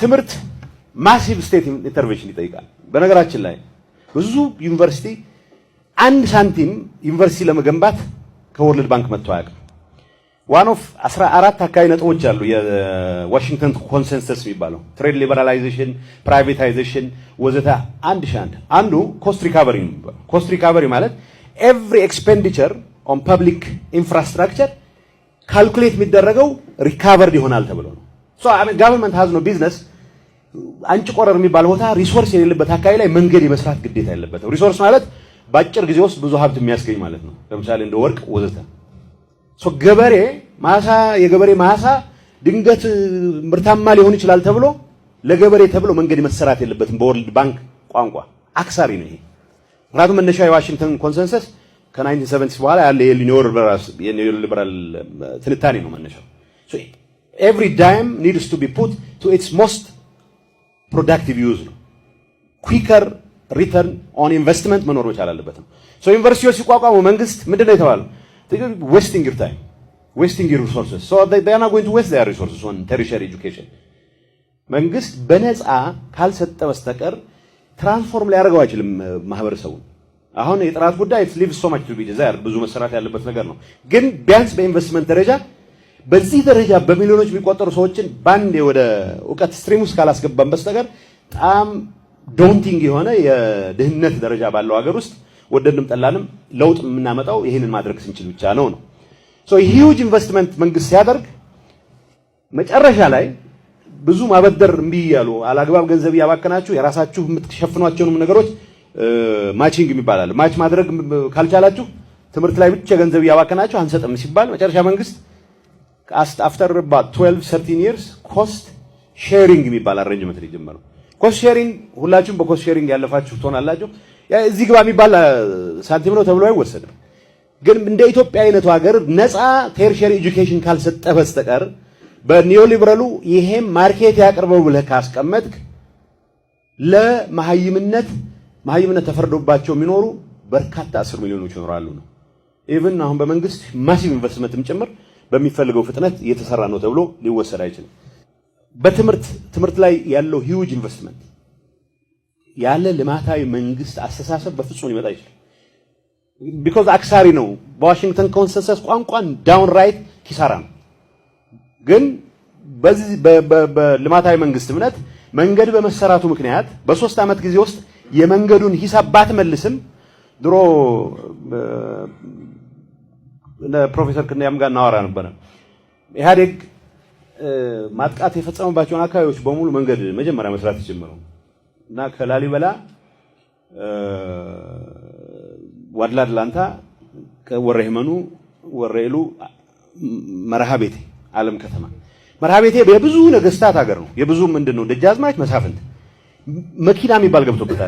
ትምህርት ማሲቭ ስቴት ኢንተርቬንሽን ይጠይቃል። በነገራችን ላይ ብዙ ዩኒቨርሲቲ አንድ ሳንቲም ዩኒቨርሲቲ ለመገንባት ከወርልድ ባንክ መጥቶ አያውቅም። ዋን ኦፍ 14 አካባቢ ነጥቦች አሉ። የዋሽንግተን ኮንሰንሰስ የሚባለው ትሬድ ሊበራላይዜሽን፣ ፕራይቬታይዜሽን ወዘተ አንድ ሺህ አንድ አንዱ ኮስት ሪካቨሪ የሚባለው። ኮስት ሪካቨሪ ማለት ኤቭሪ ኤክስፔንዲቸር ኦን ፐብሊክ ኢንፍራስትራክቸር ካልኩሌት የሚደረገው ሪካቨርድ ይሆናል ተብሎ ነው። ጋቨርንመንት ሀዝ ነው ቢዝነስ አንጭ ቆረር የሚባል ቦታ ሪሶርስ የሌለበት አካባቢ ላይ መንገድ የመስራት ግዴታ የለበትም። ሪሶርስ ማለት በአጭር ጊዜ ውስጥ ብዙ ሀብት የሚያስገኝ ማለት ነው። ለምሳሌ እንደ ወርቅ ወዘተ። ገበሬ ማሳ የገበሬ ማሳ ድንገት ምርታማ ሊሆን ይችላል ተብሎ ለገበሬ ተብሎ መንገድ መሰራት የለበትም። በወርልድ ባንክ ቋንቋ አክሳሪ ነው ይሄ። ምክንያቱም መነሻ የዋሽንግተን ኮንሰንሰስ ከ1970 በኋላ ያለ የኒዮሊበራል ትንታኔ ነው መነሻው። ኤቭሪ ዳይም ኒድስ ቱ ቢ ፑት ቱ ኢትስ ሞስት ፕሮዳክቲቭ ዩዝ ነው። ኩዊከር ሪተርን ኦን ኢንቨስትመንት መኖር መቻል አለበት ነው። ሶ ዩኒቨርሲቲዎች ሲቋቋሙ መንግስት ምንድን ነው የተባለው? ዌስቲንግ ዩር ታይም ዌስቲንግ ዩር ሪሶርስስ ሶ ዜይ አር ናት ጎይንግ ቱ ዌስት ዜር ሪሶርስስ ኦን ቴሪሸሪ ኤጁኬሽን። መንግስት በነፃ ካልሰጠ በስተቀር ትራንስፎርም ሊያደርገው አይችልም ማህበረሰቡን። አሁን የጥራት ጉዳይ ሊቭ ሶ ማች ቱ ቢ ዲዛይር ብዙ መሰራት ያለበት ነገር ነው። ግን ቢያንስ በኢንቨስትመንት ደረጃ በዚህ ደረጃ በሚሊዮኖች የሚቆጠሩ ሰዎችን በአንዴ ወደ እውቀት ስትሪም ውስጥ ካላስገባን በስተቀር በጣም ዶንቲንግ የሆነ የድህነት ደረጃ ባለው ሀገር ውስጥ ወደድንም ጠላንም ለውጥ የምናመጣው ይህንን ማድረግ ስንችል ብቻ ነው ነው። ሶ ሂውጅ ኢንቨስትመንት መንግስት ሲያደርግ መጨረሻ ላይ ብዙ ማበደር እምቢ እያሉ አላግባብ ገንዘብ እያባከናችሁ የራሳችሁ የምትሸፍኗቸውንም ነገሮች ማቺንግ የሚባል ማች ማድረግ ካልቻላችሁ ትምህርት ላይ ብቻ ገንዘብ እያባከናችሁ አንሰጥም ሲባል መጨረሻ መንግስት አፍተር ባት 12 13 ይርስ ኮስት ሼሪንግ የሚባል አሬንጅመንት ነው የጀመረው። ኮስት ሼሪንግ ሁላችሁም በኮስት ሼሪንግ ያለፋችሁ ትሆናላችሁ። እዚህ ግባ የሚባል ሳንቲም ነው ተብሎ አይወሰድም። ግን እንደ ኢትዮጵያ አይነቱ ሀገር ነፃ ቴርሸሪ ኤጁኬሽን ካልሰጠ በስተቀር በኒዮ ሊበራሉ ይሄም ማርኬት ያቅርበው ብለህ ካስቀመጥክ ለመሀይምነት መሀይምነት ተፈርዶባቸው የሚኖሩ በርካታ አስር ሚሊዮኖች ይኖራሉ ነው ኢቭን አሁን በመንግስት ማሲቭ ኢንቨስትመንትም ጭምር በሚፈልገው ፍጥነት እየተሰራ ነው ተብሎ ሊወሰድ አይችልም። በትምህርት ትምህርት ላይ ያለው ሂውጅ ኢንቨስትመንት ያለ ልማታዊ መንግስት አስተሳሰብ በፍጹም ሊመጣ አይችልም። ቢኮዝ አክሳሪ ነው። በዋሽንግተን ኮንሰንሰስ ቋንቋን ዳውን ራይት ኪሳራ ነው። ግን በዚህ በልማታዊ መንግስት እምነት መንገድ በመሰራቱ ምክንያት በሶስት ዓመት ጊዜ ውስጥ የመንገዱን ሂሳብ ባትመልስም ድሮ ፕሮፌሰር ክንያም ጋር እናወራ ነበረ። ኢህአዴግ ማጥቃት የፈጸመባቸውን አካባቢዎች በሙሉ መንገድ መጀመሪያ መስራት የጀመረው እና ከላሊበላ ዋድላ ድላንታ፣ ከወረህመኑ ህመኑ፣ ወረኢሉ፣ መርሃ ቤቴ፣ አለም ከተማ መርሃ ቤቴ የብዙ ነገስታት ሀገር ነው። የብዙ ምንድን ነው ደጃዝማች መሳፍንት መኪና የሚባል ገብቶበት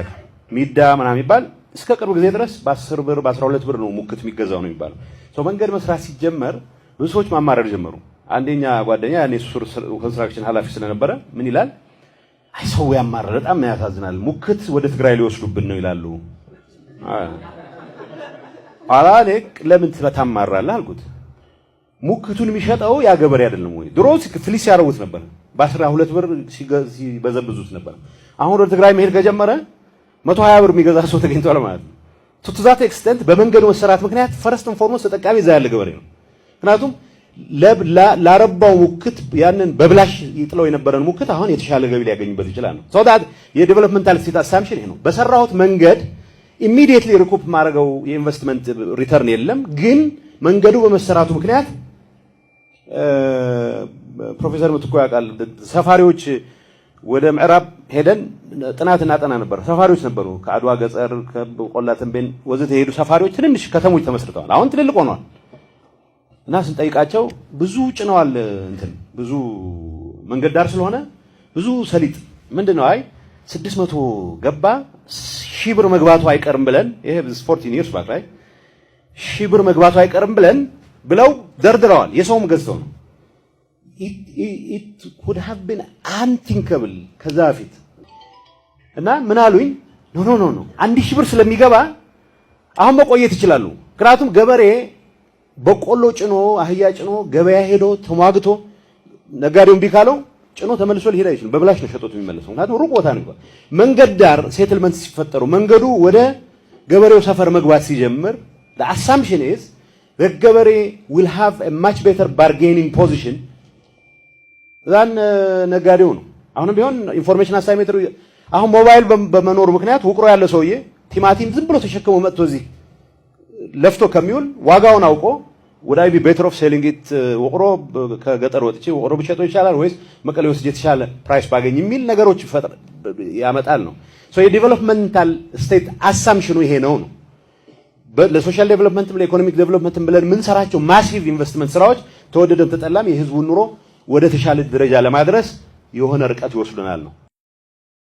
ሚዳ ምናምን የሚባል እስከ ቅርብ ጊዜ ድረስ በ10 ብር በ12 ብር ነው ሙክት የሚገዛው ነው የሚባለው። ሰው መንገድ መስራት ሲጀመር ብዙ ሰዎች ማማረር ጀመሩ። አንደኛ ጓደኛ ያኔ ሱር ኮንስትራክሽን ኃላፊ ስለነበረ ምን ይላል? አይ ሰው ያማረር በጣም ያሳዝናል። ሙክት ወደ ትግራይ ሊወስዱብን ነው ይላሉ። ኋላ እኔ ለምን ትበታማራለህ አልኩት። ሙክቱን የሚሸጠው ያ ገበሬ አይደለም ወይ? ድሮ ፍሊስ ያረቡት ነበር፣ በ በ12 ብር ሲበዘብዙት ነበር። አሁን ወደ ትግራይ መሄድ ከጀመረ መቶ ሀያ ብር የሚገዛ ሰው ተገኝቷል ማለት ነው። ቱቱዛት ኤክስተንት በመንገዱ መሰራት ምክንያት ፈረስትን ፎርሞስ ተጠቃሚ እዛ ያለ ገበሬ ነው። ምክንያቱም ላረባው ሙክት ያንን በብላሽ ይጥለው የነበረን ሙክት አሁን የተሻለ ገቢ ሊያገኝበት ይችላል ነው። ሶ የዴቨሎፕመንታል ስቴት አሳምሽን ይሄ ነው። በሰራሁት መንገድ ኢሚዲየትሊ ሪኩፕ ማድረገው የኢንቨስትመንት ሪተርን የለም፣ ግን መንገዱ በመሰራቱ ምክንያት ፕሮፌሰር ምትኮ ያውቃል ሰፋሪዎች ወደ ምዕራብ ሄደን ጥናት እናጠና ነበር። ሰፋሪዎች ነበሩ፣ ከአድዋ ገጠር፣ ቆላ ተንቤን ወዘተ የሄዱ ሰፋሪዎች። ትንንሽ ከተሞች ተመስርተዋል፣ አሁን ትልልቅ ሆኗል። እና ስንጠይቃቸው ብዙ ጭነዋል፣ እንትን ብዙ መንገድ ዳር ስለሆነ ብዙ ሰሊጥ ምንድን ነው? አይ ስድስት መቶ ገባ ሺህ ብር መግባቱ አይቀርም ብለን ይሄ ፎርቲን ይርስ ባክ ላይ ሺህ ብር መግባቱ አይቀርም ብለን ብለው ደርድረዋል። የሰውም ገዝተው ነው ኢት ኩድ ሃቭ ቢን አንቲንከብል ከዛ በፊት እና ምን አሉኝ? ኖ ኖ ኖ ኖ አንድ ሺህ ብር ስለሚገባ አሁን መቆየት ይችላሉ። ምክንያቱም ገበሬ በቆሎ ጭኖ አህያ ጭኖ ገበያ ሄዶ ተሟግቶ ነጋዴውን ቢካለው ጭኖ ተመልሶ ሊሄድ አይችልም። በብላሽ ነው ሸጦት የሚመለሰው። ምክንያቱም ሩቅ ቦታ ነው። መንገድ ዳር ሴትልመንት ሲፈጠሩ መንገዱ ወደ ገበሬው ሰፈር መግባት ሲጀምር the assumption ገበሬ will have a much better ፖዚሽን እዛን ነጋዴው ነው። አሁንም ቢሆን ኢንፎርሜሽን አሳይሜትር አሁን ሞባይል በመኖሩ ምክንያት ውቅሮ ያለ ሰውዬ ቲማቲም ዝም ብሎ ተሸክሞ መጥቶ እዚህ ለፍቶ ከሚውል ዋጋውን አውቆ ወደ አይቢ ቤተር ኦፍ ሴሊንግ ኢት ውቅሮ ከገጠር ወጥቼ ውቅሮ ብሸጠው ይሻላል ወይስ መቀሌ ወስጄ የተሻለ ፕራይስ ባገኝ የሚል ነገሮች ያመጣል ነው። ሶ የዲቨሎፕመንታል ስቴት አሳምሽኑ ይሄ ነው ነው። ለሶሻል ዴቨሎፕመንትም ለኢኮኖሚክ ዴቨሎፕመንትም ብለን የምንሰራቸው ማሲቭ ኢንቨስትመንት ስራዎች ተወደደም ተጠላም የህዝቡን ኑሮ ወደ ተሻለ ደረጃ ለማድረስ የሆነ ርቀት ይወስደናል ነው።